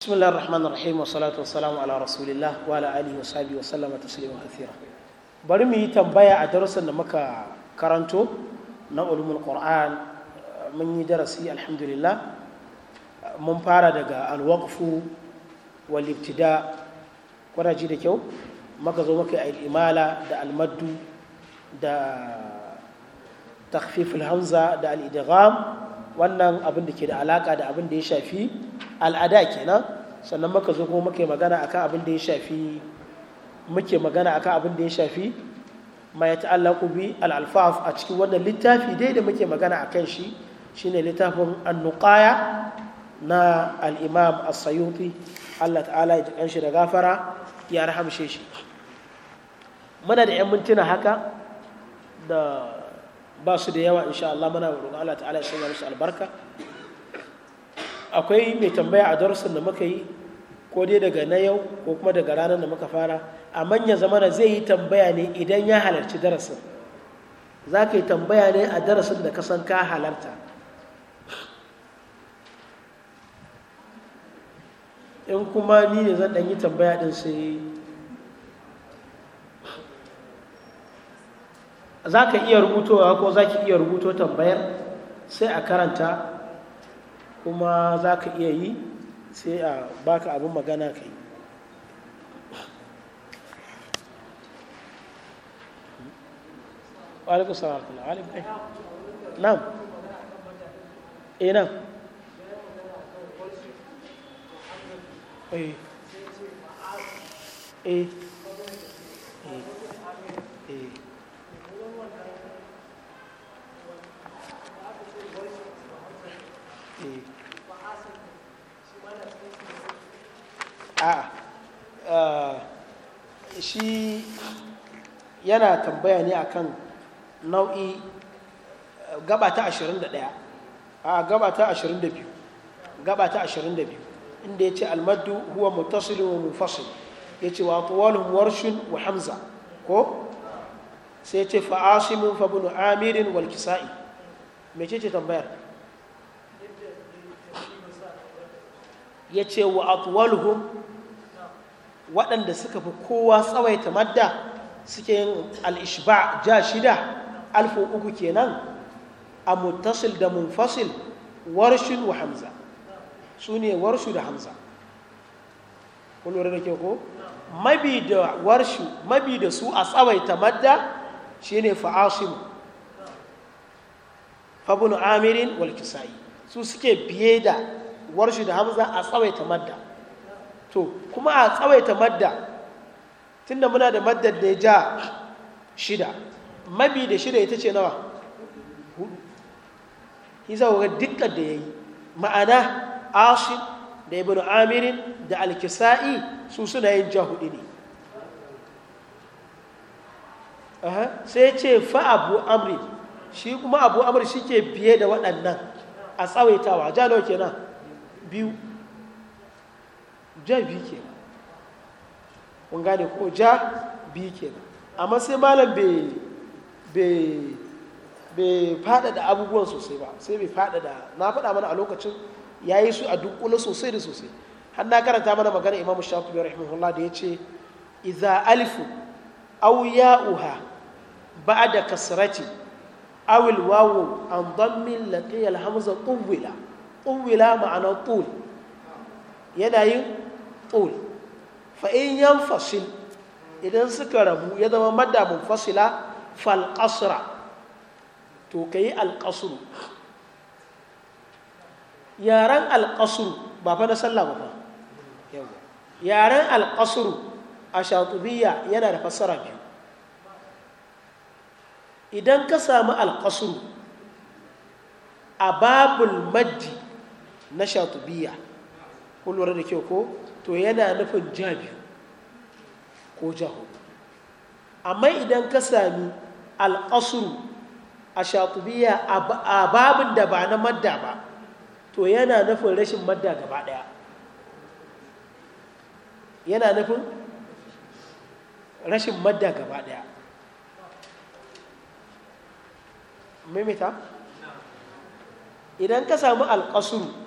بسم الله الرحمن bari muyi tambaya a darasin da muka karanto na ulumul qur'an mun yi darasi alhamdulillah mun fara daga alwaqfu wal ibtida kuna ji da kyau maka zo maka al imala da almaddu da takhfif hamza da al idgham wannan abin da ke da alaƙa da abin da ya shafi al'ada kenan sannan muka zo kuma muke magana akan abin da ya shafi muke magana akan abin da ya shafi ma ya ta'allaku bi al'alfaf a cikin wannan littafi dai da muke magana akan shi shine littafin annuqaya na al'imam as-sayuti Allah ta'ala ya jikan shi da gafara ya rahamshe shi muna da 'yan mintuna haka da ba su da yawa insha Allah muna roƙon Allah ta'ala ya sanya musu albarka akwai mai tambaya a darussan da muka yi ko dai daga na yau ko kuma daga ranar da muka fara a manyan zamana zai yi tambaya ne idan ya halarci darasin za ka yi tambaya ne a darasin da ka san ka halarta in kuma ni ne zan ɗan tambaya ɗin sai za ka iya rubutowa ko za ki iya rubuto tambayar sai a karanta kuma za ka iya yi sai a baka abin magana ka yi alaikun salam alaikun nam eh nam eh eh a'a eh, shi yana tambaya ne akan nau'i eh, gaba ta 21 a gaba ta 22 gaba ta 22 inda ya ce almaddu huwa mutasiri wa mufasir ya ce wa tuwalin warshin wa hamza ko sai ya ce fa'asimun fa bunu amirin wal kisa'i mai ce ce tambayar ya ce wa atwaluhum waɗanda suka fi kowa tsawaita madda suke yin al'ishba ja shida alfu uku kenan a mutasil da munfasil warshin wa hamza su ne warshu da hamza kun lura da ke ko mabi da warshu mabi da su a tsawaita madda shine fa'asim fabinu amirin Walkisayi su suke biye da warshi da hamza a tsawaita madda to kuma a tsawaita madda tunda muna da maddar da ya ja shida mabi da shida ita ce nawa hudu isa ga dukkan da ya yi ma'ana asim da ibn amirin da alkisa'i su suna yin ja hudu ne sai ce fa abu amri shi kuma abu amri shi ke biye da waɗannan a tsawaitawa ja nawa kenan biyu ja biyu gane ko ja biyu ke amma sai malam bai faɗaɗa abubuwan sosai ba sai bai faɗaɗa na faɗa mana a lokacin ya yi su a dukkula sosai da sosai har na karanta mana magana imam shafi biyar rahimahullah da ya ce iza alifu au uha ba da kasarati awil wawu an dammin laƙiyar hamza ƙungwila طولا معنى طول yana yin طول fa'in yan fasil idan suka rabu ya zama madamun fasila falƙasra to ka yi alƙasuru yaren alƙasuru ba fa na sallah ba fa yaren alƙasuru a shatubiya yana da fassara biyu idan ka samu alƙasuru a babul majji na shatubiya kun lura da kyau ko to yana nufin ja biyu ko ja hudu amma idan ka sami al'asuru a shatubiya a babin da ba na madda ba to yana nufin rashin madda gaba daya yana nufin rashin madda gaba daya mimita idan ka sami alƙasuru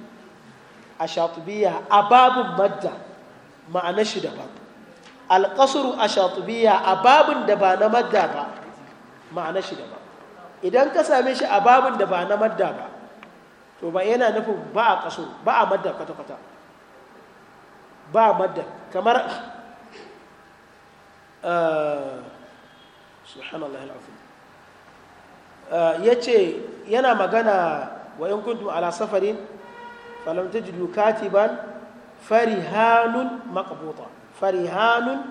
a shatubiya a babin madda ma'ana shi daban alƙasuru a shatubiya a babin da ba na madda ba ma'ana shi daban idan ka same shi a babin da ba na madda ba to ba yana nufin ba a kaso ba a madda kwata-kwata ba a madda kamar eh, subhanallah al'afin eh, ya ce yana magana wa in kuntum ala safarin فلم تجد كاتبا فرهان مقبوطة فرهان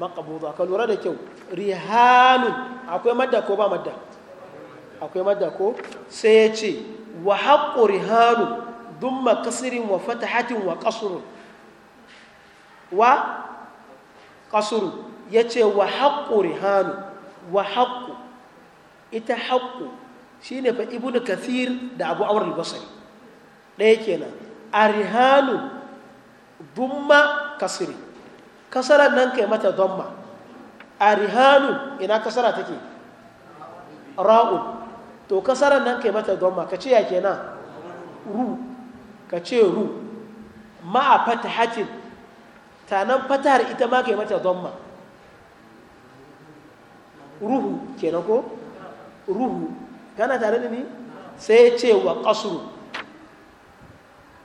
مقبوطة قالوا رد كيو رهان أكو مدى كو با مدى أكو مدى كو سيتي وحق رهان ضم كسر وفتحة وقصر قصر يتي وحق رهان وحق ita haƙƙo ابن كثير ibnu kathir da abu ɗaya kenan arihanu dumma kasiri kasarar nan kai mata a arihanu ina kasara take ra'u to kasarar nan kai mata domma ka ce ya kenan ru ka ce ru ma'a fata hatin fatahatin tanan fatahar ita ma kai mata domma ruhu kenan ko ruhu gana tare da ni sai ce wa kasuru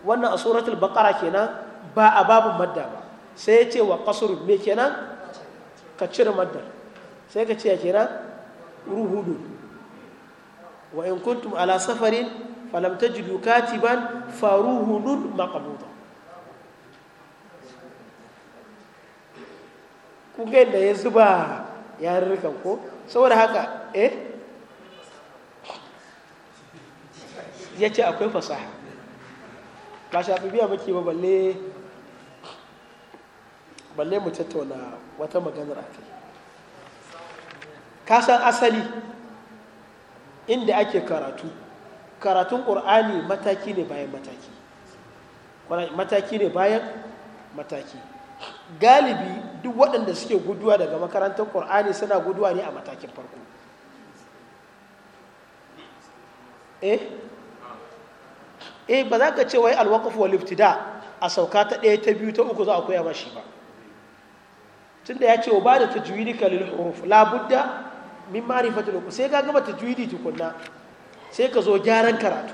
wannan a suratul baqara kenan ba a babin madda ba sai ya ce wa qasr me kenan ka cire madda sai ka ce ya kenan ruhudu wa in kuntum ala safarin falam tajidu katiban faruhudun maqbuda kun ga ya zuba yarurrukan ko saboda haka eh ya ce akwai fasaha ba shafi ba ke ba balle balle mu tattauna wata maganar a kai kasan asali inda ake karatu karatun ƙur'ani mataki ne bayan mataki mataki ne bayan mataki galibi duk waɗanda suke guduwa daga makarantar ƙur'ani suna guduwa ne a matakin farko eh E ba za ka ce wai wa wal da a sauka ta ɗaya ta biyu ta uku za a koya mashi ba tunda ya ce wa ba da ta lil ka la labudda min ma'rifatil sai ka gama tajwidi tukunna sai ka zo gyaran karatu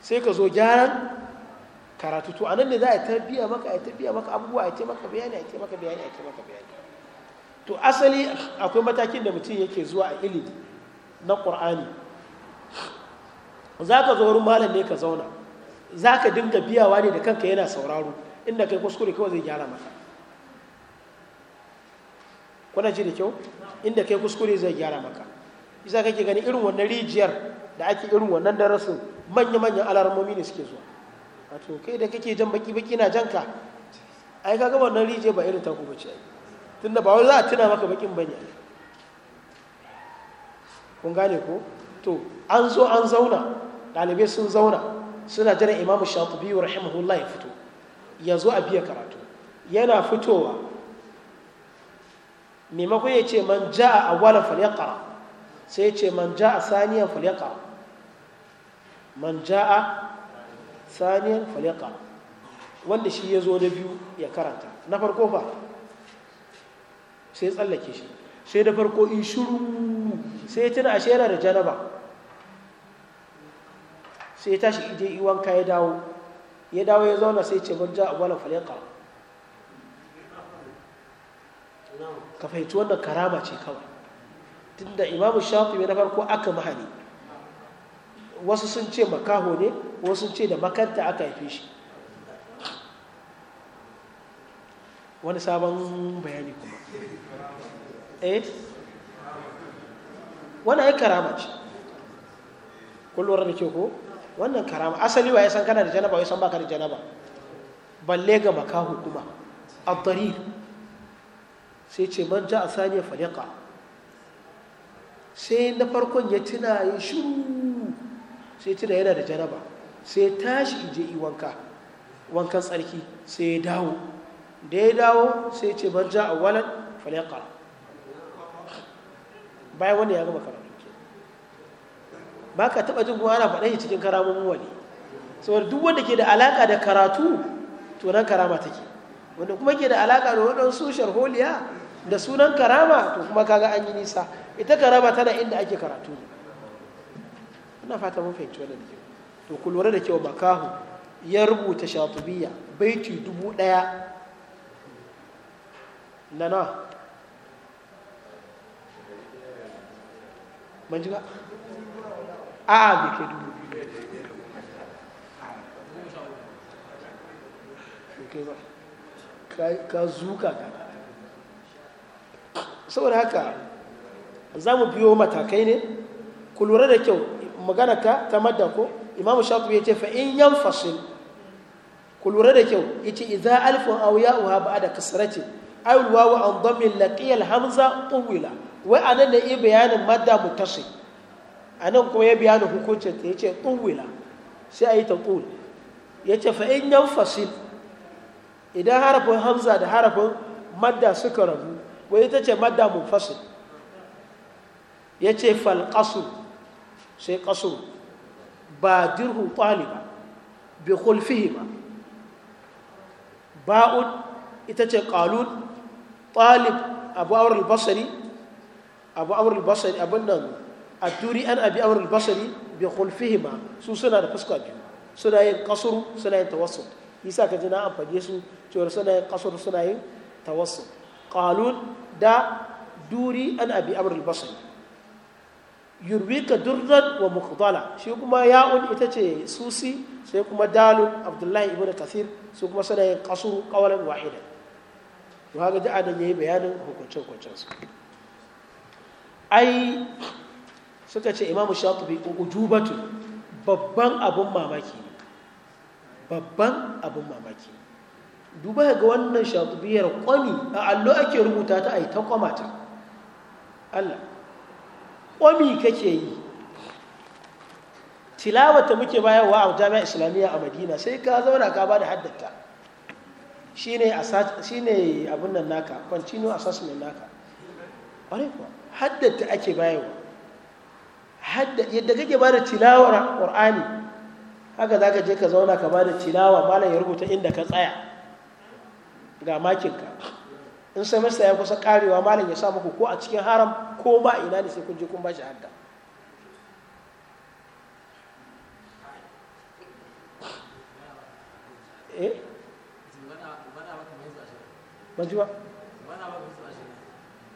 sai ka zo gyaran karatu to anan ne za a tabiya maka a tabiya maka abubuwa a ce maka bayani a ce maka bayani a ce maka bayani to asali akwai matakin da mutum yake zuwa a ilimi na qur'ani za ka zo wurin malam ne ka zauna za ka dinga biyawa ne da kanka yana sauraro inda kai kuskure kawai zai gyara maka kuna ji da kyau inda kai kuskure zai gyara maka isa kake gani irin wannan rijiyar da ake irin wannan darasin manya-manyan alarmomi ne suke zuwa to kai da kake jan baki-baki na janka ai kaga wannan rijiyar ba irin taku bace Tun da ba wani za a tuna maka bakin bane kun gane ko to an zo an zauna ɗalibai sun zauna suna jiran imamu shatubi wa rahimahullah ya fito ya zo a biya karatu yana fitowa maimakon ya ce man ja a awwalan falyaqra sai ya ce man ja a saniyan falyaqra man ja a saniyan falyaqra wanda shi ya zo na biyu ya karanta na farko fa sai tsallake shi sai da farko in shuru sai ya tuna ashe yana da janaba sai ya tashi ije iwanka ya dawo ya dawo ya zauna sai ce man ja'a wala falyaqra ka fahimci wannan karama ce kawai tunda imamu shafi na farko aka mahani wasu sun ce makaho ne wasu sun ce da makanta aka haife shi wani sabon bayani kuma eh wani ai karama ce kullum da ke ko wannan karama asali wa ya san kana da janaba wa ya san baka da janaba balle ga makahu kuma abdari sai ce man ja a saniya faliqa sai na farkon ya tuna ya shiru sai tuna yana da janaba sai tashi in je wanka wankan tsarki sai ya dawo da ya dawo sai ce man ja a walan faliqa bayan wanda ya gama kara ba ka taɓa jin kuma ana faɗa shi cikin karamomin wani saboda duk wanda ke da alaƙa da karatu to nan karama take wanda kuma ke da alaƙa da waɗansu sharholiya da sunan karama to kuma kaga an yi nisa ita karama tana inda ake karatu ne ina fata mun fahimci wannan dake to ku lura da kyau makahu ya rubuta shatubiya baiti dubu ɗaya na nawa a'a bai kai ka zuka ka saboda haka za mu biyo matakai ne ku lura da kyau magana ka ta madda ko imamu shafi ya ce fa in yan fasil ku lura da kyau ya ce idan alfin auya uwa ba da kasarace ayul wawa an domin laƙiyar hamza ƙunwila, wai a nan da iya bayanin madda tashi. a nan kuma ya biya da hukuncin ta ya ce tsuwila sai a yi ta ya ce fa'in yan fasil idan harafin hamza da harafin madda suka rabu wai ita ce madda mun fasil ya ce falƙasu sai ƙasu ba dirhu ba, bi kulfihi ba ba'un ita ce ƙalun ƙwalib abu awar albasari abu awar albasari abin nan a turi an abi amurin basari bi khulfihima su suna da fuska biyu suna yin kasur suna yin tawassu isa ka jina an faje su cewar suna yin kasur suna yin tawassu qalun da duri an abi amurin basari yurwika durdan wa mukhdala shi kuma ya'un ita ce susi sai kuma dalun abdullahi ibnu kathir su kuma suna yin kasur qawlan wahida to haka ji yayi bayanin hukuncin suka ce imamu shatubi ujubatu babban abun mamaki babban abun mamaki duba ga wannan shatubiyar kwami a allo ake rubuta ta a yi ta kwamata allah kwami kake yi tilawata muke bayarwa a jami'a islamiyya a madina sai ka zauna ka ba da haddata shi ne abin nan naka continuous assessment naka ƙwarai kuwa haddata ake bayarwa yadda kake ba da tilawar ƙur'ani haka za ka je ka zauna ka ba da tilawa malam ya rubuta inda ka tsaya ga makinka in semester ya kusa karewa malam ya sa muku ko a cikin haram ko ba ina ne sai kun je kun ba shi hadda eh?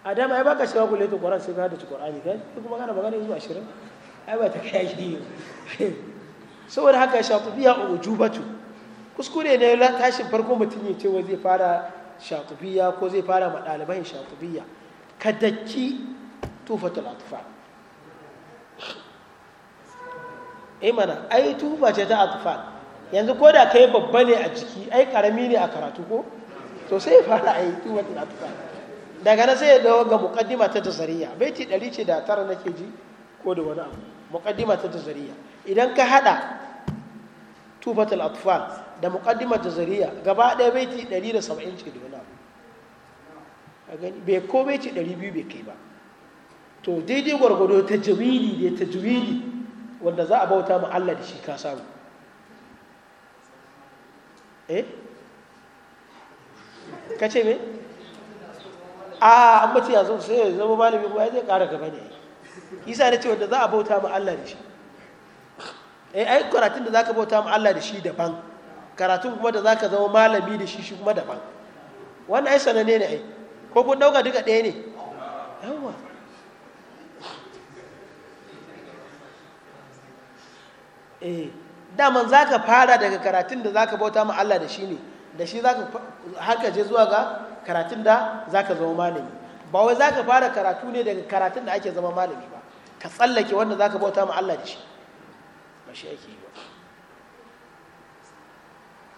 a dama ai baka shiga kulle ta ƙwarar sai ka da ci ƙwarani ka kuma kana magana zuwa 20 ai ba ta kai yi saboda haka shaƙubiya a ujubatu kuskure ne tashin farko mutum ya ce wai zai fara shaƙubiya ko zai fara ma ɗaliban shaƙubiya ka daki tufatul eh mana imana ai tufa ce ta atfa yanzu ko da kai babba ne a jiki ai karami ne a karatu ko to sai fara ai tufa atfa daga nan sai ya dawo ga muqaddima ta tazariya. baiti 109 nake ji ko da wani abu muqaddima ta tazariya. idan ka hada tufatul atfal da muqaddima ta tazariya, gaba ɗaya baiti 170 ce da wani abu a gani bai ko baiti 200 bai kai ba to daidai gwargwado ta jawili ne ta jawili wanda za a bauta ma Allah da shi ka samu eh ka ce me a an mace yanzu sai ya zama malami kuma ya zai kara gaba ne isa na cewa da za a bauta ma Allah da shi eh ai karatun da za ka bauta ma Allah da shi daban karatun kuma da za ka zama malami da shi shi kuma daban wannan ai sanane ne ai ko kun dauka duka ɗaya ne yawa eh daman ka fara daga karatun da za ka bauta ma Allah da shi ne da shi za ka je zuwa ga karatun da za ka zama malami ba wai za ka fara karatu ne daga karatun da ake zama malami ba ka tsallake wanda za ka bauta ma Allah da shi ba shi ake yi ba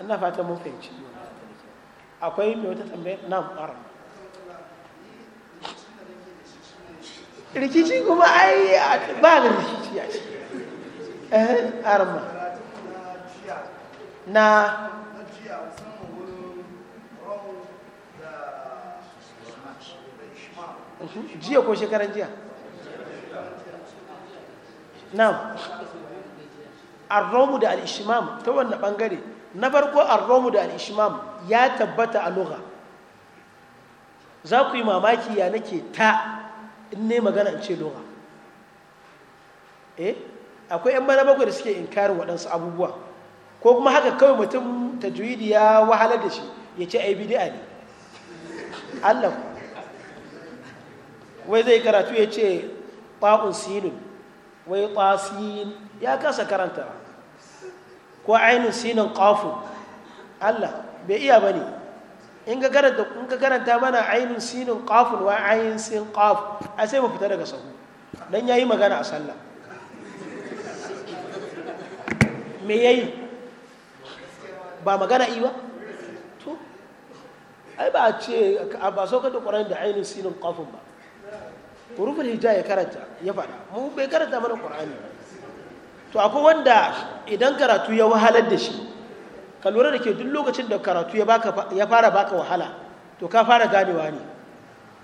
ina fatan mun fahimci akwai mai wata tambaya na ƙara rikici kuma ai ba da rikici a Eh arma. na jiya ko shekaran jiya na arromu da al'ishimam ta wannan bangare na farko arromu da al'ishimam ya tabbata a lugha za ku yi mamaki ya nake ta in ne magana ce lugha eh akwai 'yan bana bakwai da suke in kari waɗansu abubuwa ko kuma haka kawai mutum tajwidi ya wahalar da shi ya ce ai bidi'a ne wai zai karatu ya ce ta'un sinin wai tasin ya kasa karanta ko ainihin sinin ƙafun allah bai iya ba ne in ka karanta mana ainihin sinin qafun wa ainihin sin qaf a sai mu fita daga sahu ya yi magana a sallah me ya yi ba magana iya ba to ai ba a ce ba sau ka da qur'ani da ainihin sinin qafun ba rufin hita ya karanta ya faɗa mu bai karanta mana qur'ani to akwai wanda idan karatu ya wahalar da shi ka lura da ke duk lokacin da karatu ya fara baka wahala to ka fara ganewa ne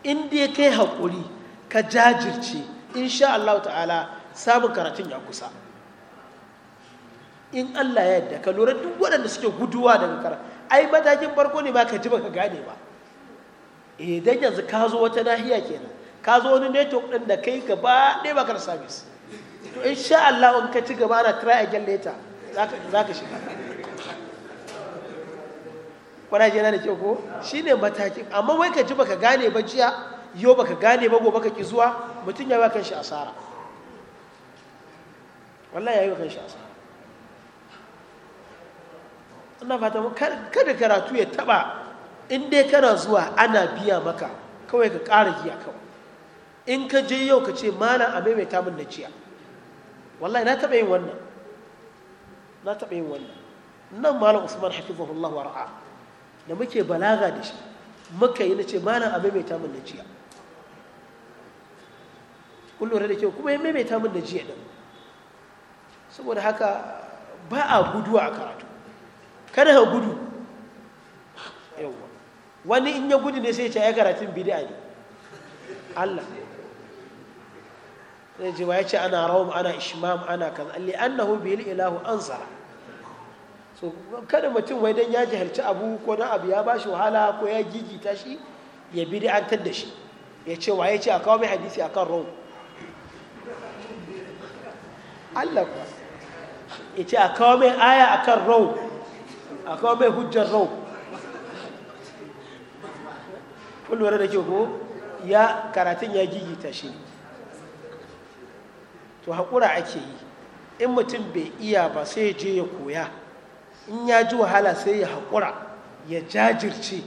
inda dai kai haƙuri ka jajirce insha Allah ta'ala samun karatun ya kusa in Allah ya yadda ka lura duk waɗanda suke guduwa daga karatu ai matakin farko ne ba ka ji ba ka gane ba idan eh, yanzu ka zo wata nahiya kenan ka zo wani network ɗin da kai gaba ɗaya bakar sabis to in sha Allah in ka ci gaba na try again later za ka shiga kwana jina da kyau ko shi ne matakin amma wai ka ji baka gane ba jiya yau baka gane ba gobe ka ki zuwa mutum ya yi shi asara wallahi ya yi kan shi asara ina fata kada karatu ya taba in dai kana zuwa ana biya maka kawai ka ƙara giya kawai in ka je yau ka ce mana a maimaita min na jiya wallahi na taɓa yin wannan na taɓa yin wannan nan malam usman allah wa ra'a da muke balaga da shi muka yi na ce mana a maimaita min na jiya kun da kyau kuma ya maimaita min da jiya din saboda haka ba a gudu a karatu kada ka gudu yawwa wani in ya gudu ne sai ya ce ya karatun bid'a ne Allah zai ce ya ce ana rawum ana ishmam ana kaza alli annahu bil ilahu ansara so kada mutum wai dan ya jahilci abu ko dan abu ya bashi wahala ko ya gigita shi ya bi an da shi ya ce ya ce a kawo mai hadisi akan rawum Allah kuwa ya ce a kawo mai aya akan rawum a kawo mai hujjar rawum kullum da ke ko ya karatun ya gigita shi to haƙura ake yi in mutum bai iya ba sai ya je ya koya in ya ji wahala sai ya haƙura ya jajirce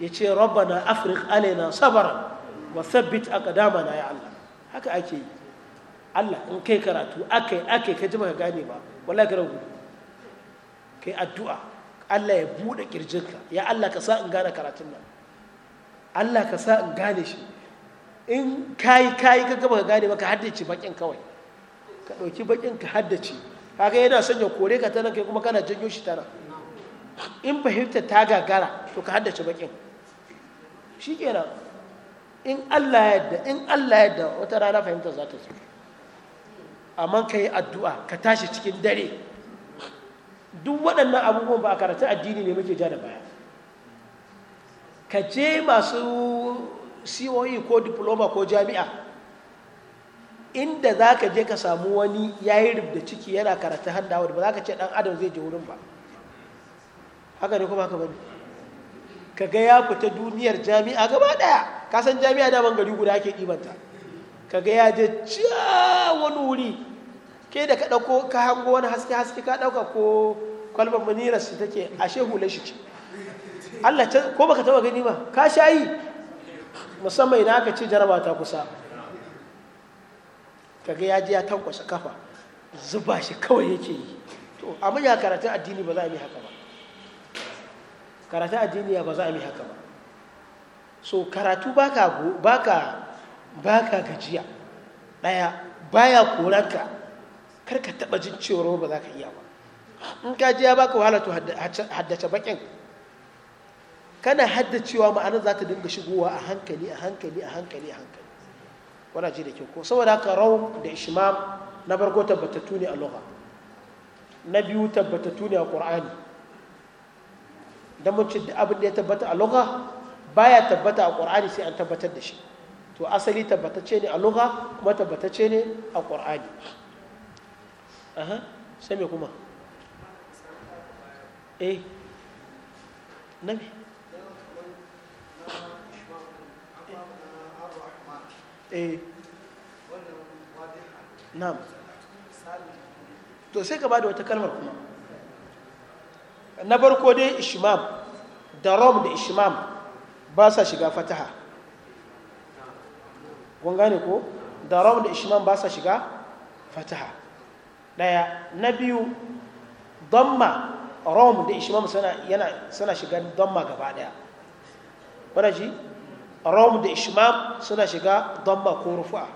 ya ce rabbana afrik na sabara wa sabbit na ya Allah haka ake yi Allah in kai karatu aka aka yi ka ji ka gane ba wala ka rabu kai addu'a Allah ya buɗe ƙirjinka ya Allah ka sa in gane karatun nan Allah ka sa in gane shi in kayi kayi ka gama ka gane ba ka haddace bakin kawai ka ɗauki baƙin ka haddace kaga yana son ya kore ka tana kai kuma kana janyo shi tana in fahimta ta gagara to ka haddace baƙin shi kenan in Allah ya yadda in Allah yadda wata rana fahimta za ta zo amma ka yi addu'a ka tashi cikin dare duk waɗannan abubuwan ba a karatu addini ne muke ja da baya ka je masu COE ko diploma ko jami'a inda za ka je ka samu wani ya yi rubda ciki yana karatu har wadda ba za ka ce ɗan adam zai je wurin ba haka ne kuma haka bani. ka ga ya fita duniyar jami'a gaba ɗaya ka san jami'a daman gari guda ke ɗibanta ka ga ya je ciya wani wuri ke da ka ɗauko ka hango wani haske haske ka ɗauka ko kwalbar manira su take ashe shehu shi ce Allah ko baka taba gani ba ka sha yi musamman idan aka ce jaraba ta kusa kaga ya je ya tankwasa kafa zuba shi kawai yake yi to amma ya karatun addini ba za a yi haka ba karatun addini ba za a yi haka ba so karatu baka baka baka gajiya daya baya koranka kar ka taba jin cewa ba za ka iya ba in ka ji ya baka wahala to haddace bakin kana haddacewa ma'ana za ta dinga shigowa a hankali a hankali a hankali a hankali wana ji da kyau ko saboda haka raum da ishmam na farko tabbatattu ne a lugha na biyu tabbatattu ne a qur'ani dan mun ce abin da ya tabbata a lugha baya tabbata a qur'ani sai an tabbatar da shi to asali tabbatacce ne a lugha kuma tabbatacce ne a qur'ani aha sai me kuma eh na Eh. to sai ka ba da wata kalmar kuma na farko dai ishimam da rom da ishimam ba sa shiga fataha kun gane ko da rom da ishimam ba sa shiga fataha daya na biyu donma rom da ishimam suna shiga donma gaba daya wadda ji rom da ishmam suna shiga damma ko rufu'a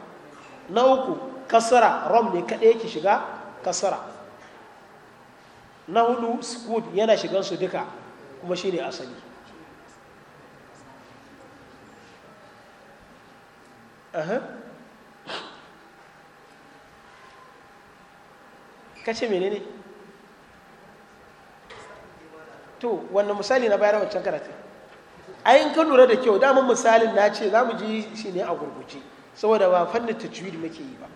na uku kasara rom ne kaɗai yake shiga kasara na hudu skud yana shigansu duka kuma shi ne asali kace menene to wannan misali na bayar wancan karatun ayin ka lura da kyau damar misalin na ce za mu ji shi ne a gurguje saboda ba fannin da muke yi ba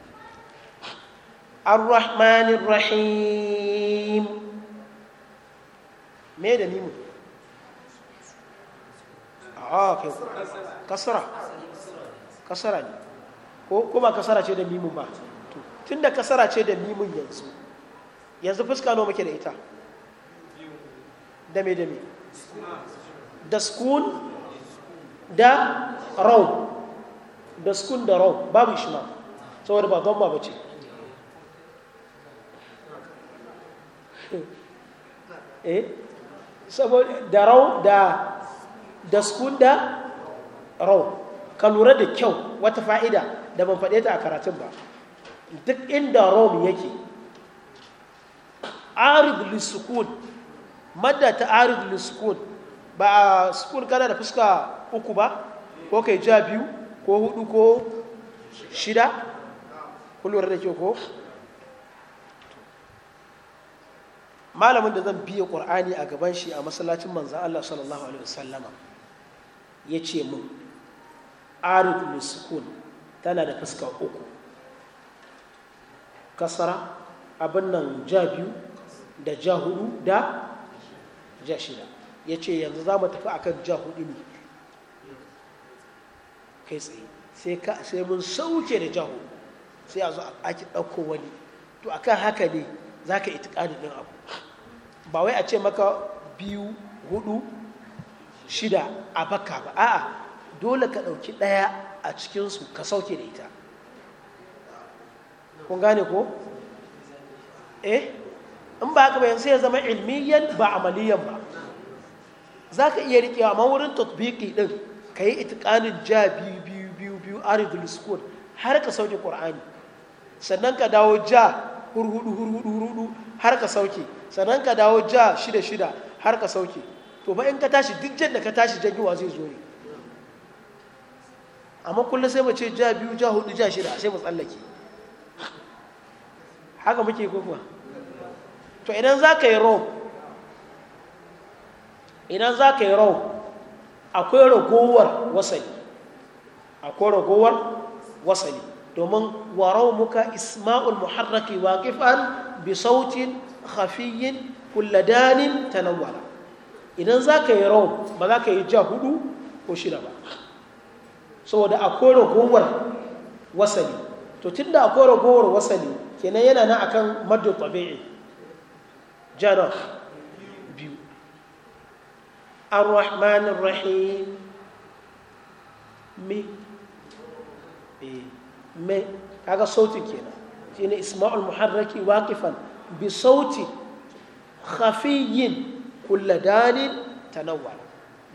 ar-rahmanir rahim me da nimu a ah, kai kasara kasara ne ko kuma kasara ce da nimu ba tun da kasara ce da nimu yanzu yanzu fuska nawa muke da ita dame dame da sukun da rau da sukun da rau babu ishma saboda ba don babace ce eh saboda da rau da da sukun da rau ka lura da kyau wata fa'ida da ban faɗe ta a karatun ba duk inda rom yake arid lissukun madda ta arid lissukun ba a sukun kana da fuska uku ba ko kai ja biyu ko hudu ko shida kullum da ke ko malamin da zan biya ƙorani a gaban shi a masallacin manzan Allah sallallahu alaihi wasallama ya ce mun arid sukun tana da fuska uku kasara abin nan ja biyu da ja hudu da ja shida ya ce yanzu za mu tafi akan ja hudu ne kai tsaye sai mun sauke da ja sai a zo a ake ɗauko wani to a kan haka ne za ka itikadin ɗin abu ba wai a ce maka biyu hudu shida a baka ba a'a dole ka ɗauki ɗaya a cikinsu ka sauke da ita kun gane ko eh in ba haka bayan sai ya zama ilmiyan ba amaliyan ba za ka iya riƙe amma wurin tatbiki ɗin ka yi itikanin ja biyu biyu biyu biyu aridul school har ka sauke ƙur'ani sannan ka dawo ja hurhudu hurhudu hurhudu har ka sauke sannan ka dawo ja shida shida har ka sauke to ba in ka tashi duk jan da ka tashi jagiwa zai zo ne amma kullum sai mu ce ja biyu ja hudu ja shida sai mu tsallake haka muke ko kuma to idan za ka yi rome idan za ka yi rau akwai ragowar wasali akwai ragowar wasali domin warau muka isma'ul muharraki waƙifan bi sautin hafiyin kulladanin talawara idan za ka yi rau ba za ka yi ja hudu ko shida ba saboda akwai ragowar wasali to tunda akwai ragowar wasali kenan yana na akan madu tabi'i janar الرحمن الرحيم مي مي هذا صوتي كنا شيني اسماء المحرك واقفا بصوت خفي كل دال تنوّل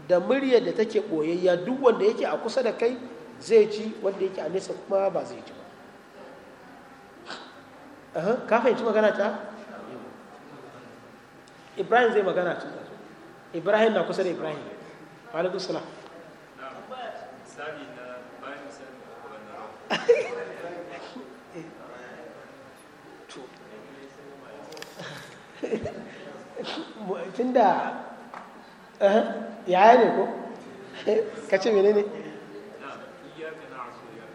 da muryar da take ɓoyayya duk wanda yake a kusa da kai zai ci wanda yake a nesa kuma ba zai ci ba ka fahimci magana ta ibrahim zai magana cikin ibrahim na kusa da ibrahim alaikun salam tun da yaya eh, ne ko ka ce mene ne iyaka na ya asuriya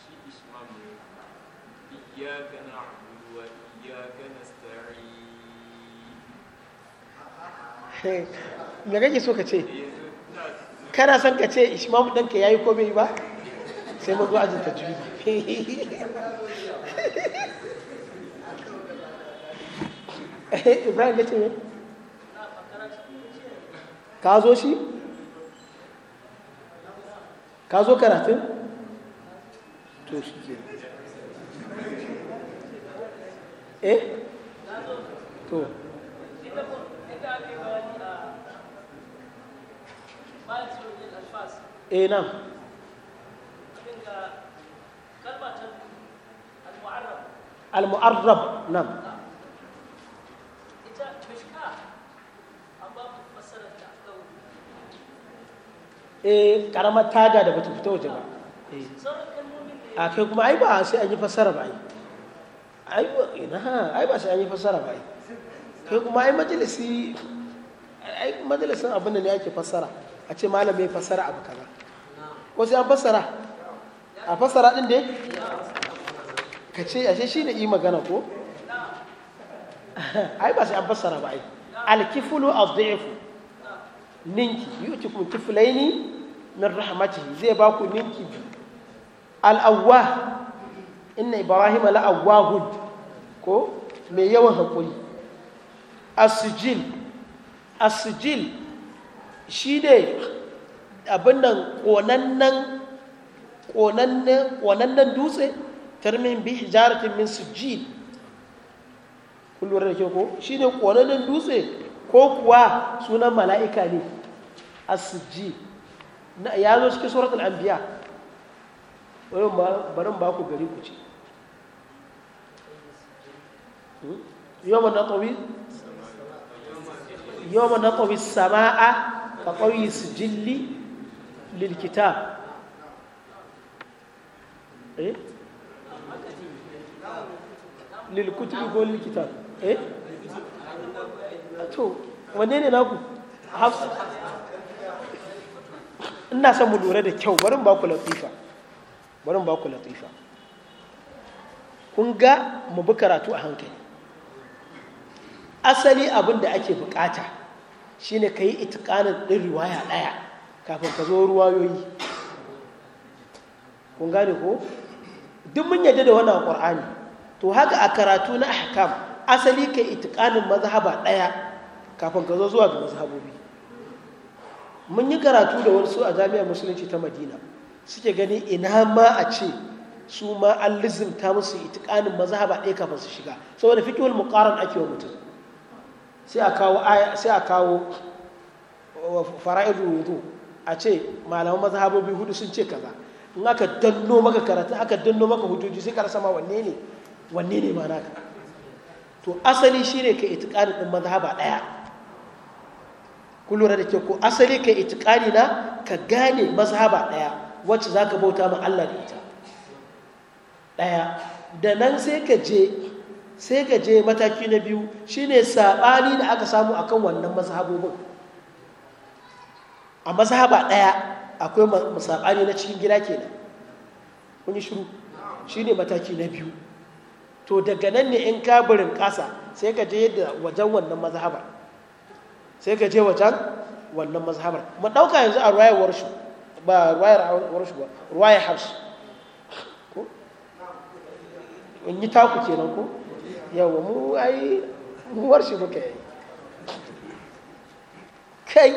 shi ismamu iyaka Eh, me kake so ka ce kana son ka ce ishmamu ɗanka ya yi ko bai ba sai mu zo ajin tajwidi ibrahim ya ce ne ka zo shi ka zo karatun to shi ke eh to eh na al-mu'arrab na eh karamar taga da bata fita waje ba eh. a kai kuma ai ba sai an yi fassara ba ai ai ba sai an yi fassara ba ai kai kuma ai majalisi ai majalisin abin da ne ake fassara a ce malamin ya fassara abu kaza ko sai an fassara a fassara din dai ka ce ashe shi ne yi magana ko ai ba sai an fassara ba ai alkifulu adhifu ninki yutikum kiflaini min rahmatihi zai ba ku ninki al al'awwa inna la awwahud ko mai yawan hakuri. asijil asijil shi ne abin nan ƙonannen dutse tarmin bi hijaratin min sijil kullum da ke ko shi ne ƙonannen dutse ko kuwa sunan mala'ika ne asijil ya zo cikin suratul anbiya wayo barin ba ku gari ku ce hmm? yawon na tsawi yau ma na ƙawi sama'a ka ƙawi su jilli lilkita eh lilkutubi ko lilkita eh to wanne ne naku hafsu ina son mu lura da kyau barin ba ku latifa barin ba latifa kun ga mu bi karatu a hankali asali abin da ake bukata shine ka yi itikanin ɗin riwaya ɗaya kafin ka zo ruwayoyi kun gane ko duk mun yadda da wannan qur'ani to haka a karatu na ahkam asali kai itikanin mazhaba ɗaya kafin ka zo zuwa ga mazhabobi mun yi karatu da wasu a jami'ar musulunci ta madina suke gani ina ma a ce su ma an lizimta musu itikanin mazhaba ɗaya kafin su shiga saboda fitowar muqaran ake wa mutum sai a kawo sai a kawo uh, fara'idul wudu a ce malaman mazhabobi hudu sun ce kaza in aka danno maka karatu aka danno maka hujjoji sai ka sama wanne ne wanne ne ma naka to asali shine ka itiqadin din mazhaba daya ɗaya. lura da ke ko asali ka itiqadi na ka gane mazhaba daya wacce zaka bauta ma Allah da ita daya da nan sai ka je sai ka je mataki na biyu shine saɓani da aka samu akan wannan mazhabobin a mazhaba ɗaya akwai saɓani na cikin gida kenan kun yi shiru shine mataki na biyu to daga nan ne in kabirin ƙasa sai ka je da wajen wannan mazhabar sai ka je wajen wannan mazhabar mu ɗauka yanzu a ruwayar shi ba ruwayar warshi ba ruwayar ko in yi taku kenan ko yawa mu ai mu warshi muka yi kai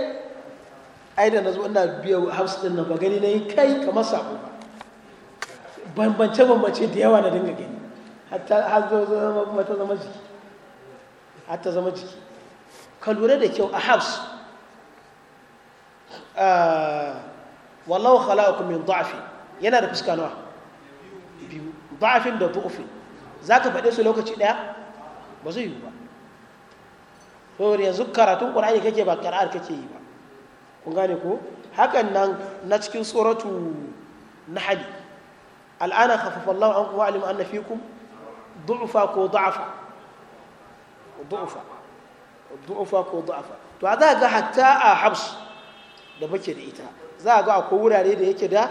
ai da na zo na biya hausa din nan ba gani na yi kai kamar sabu. bambance bambance da yawa na dinga gani har zama ta zama jiki har ta zama jiki ka lura da kyau a hafs wallahu khalaqakum min da'fin yana da fuska nawa biyu da'fin da du'fin za ka faɗe su lokaci ɗaya ba zai yi ba saboda yanzu karatun ƙur'ani kake ba ƙara'ar kake yi ba kun gane ko hakan nan na cikin tsoratu na hali al'ana hafafa Allah an kuma alimu anna fikum du'ufa ko du'afa du'ufa du'ufa ko du'afa to a za ga hatta a habs da muke da ita za a ga akwai wurare da yake da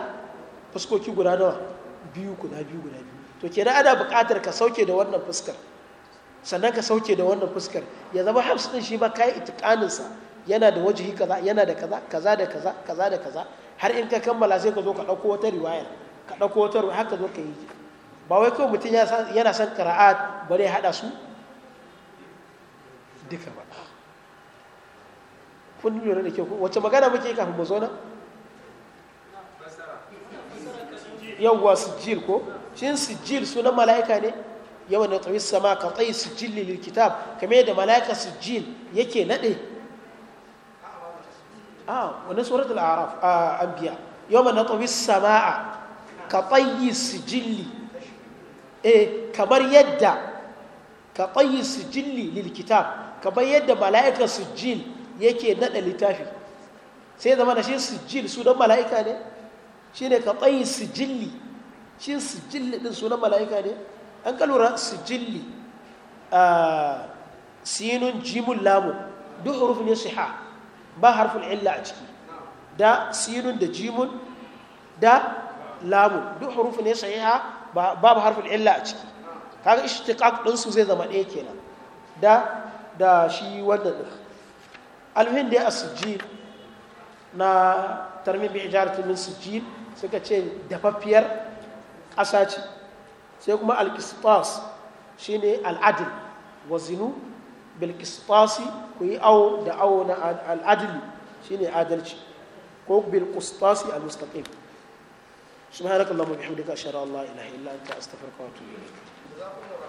fuskoki guda nawa biyu guda biyu guda biyu to kenan ana buƙatar ka sauke da wannan fuskar sannan ka sauke da wannan fuskar ya zama hafs din shi ma kai itikaninsa yana da wajihi kaza yana da kaza kaza da kaza kaza da kaza har in ka kammala sai ka zo ka ɗauko wata riwaya. ka ɗauko wata riwayar haka zo ka yi ba wai kawai mutum yana son kara'a bare haɗa su duka ba kun lura da kyau wacce magana muke kafin mu zo nan yawwa sijil ko shin sijil sunan mala'ika ne yawa na tawis sama ka tsayi sijil lil kitab kamar yadda mala'ika sijil yake nade a wani suratul araf a anbiya yawa na tawis sama'a ka tsayi sijilli eh kamar yadda ka tsayi sijilli lil kitab kamar yadda mala'ika sijil yake nade littafi sai zama da shi sijil sunan mala'ika ne shine ka tsayi sijilli shi sijilli din sunan mala'ika ne an kalura sijilli a sinun jimun lamun duk huruf ya siha ba harfin illa a ciki da sinun da jimun da lamun duk huruf ne sahiha Ba harfin illa a ciki kaga ishtiqaq din su zai zama ɗaya kenan da da shi wannan din alhin da asjil na tarmim bi ijaratin min sijil suka ce dafaffiyar ƙasa ce sai kuma alkistas shi ne al'adil wazinu bilkistasi ku yi awo da awo na al'adili shi ne adalci ko bilkistasi a mustaqim subhanakallahumma bihamdika ashhadu ilaha illa anta astaghfiruka wa atubu ilayk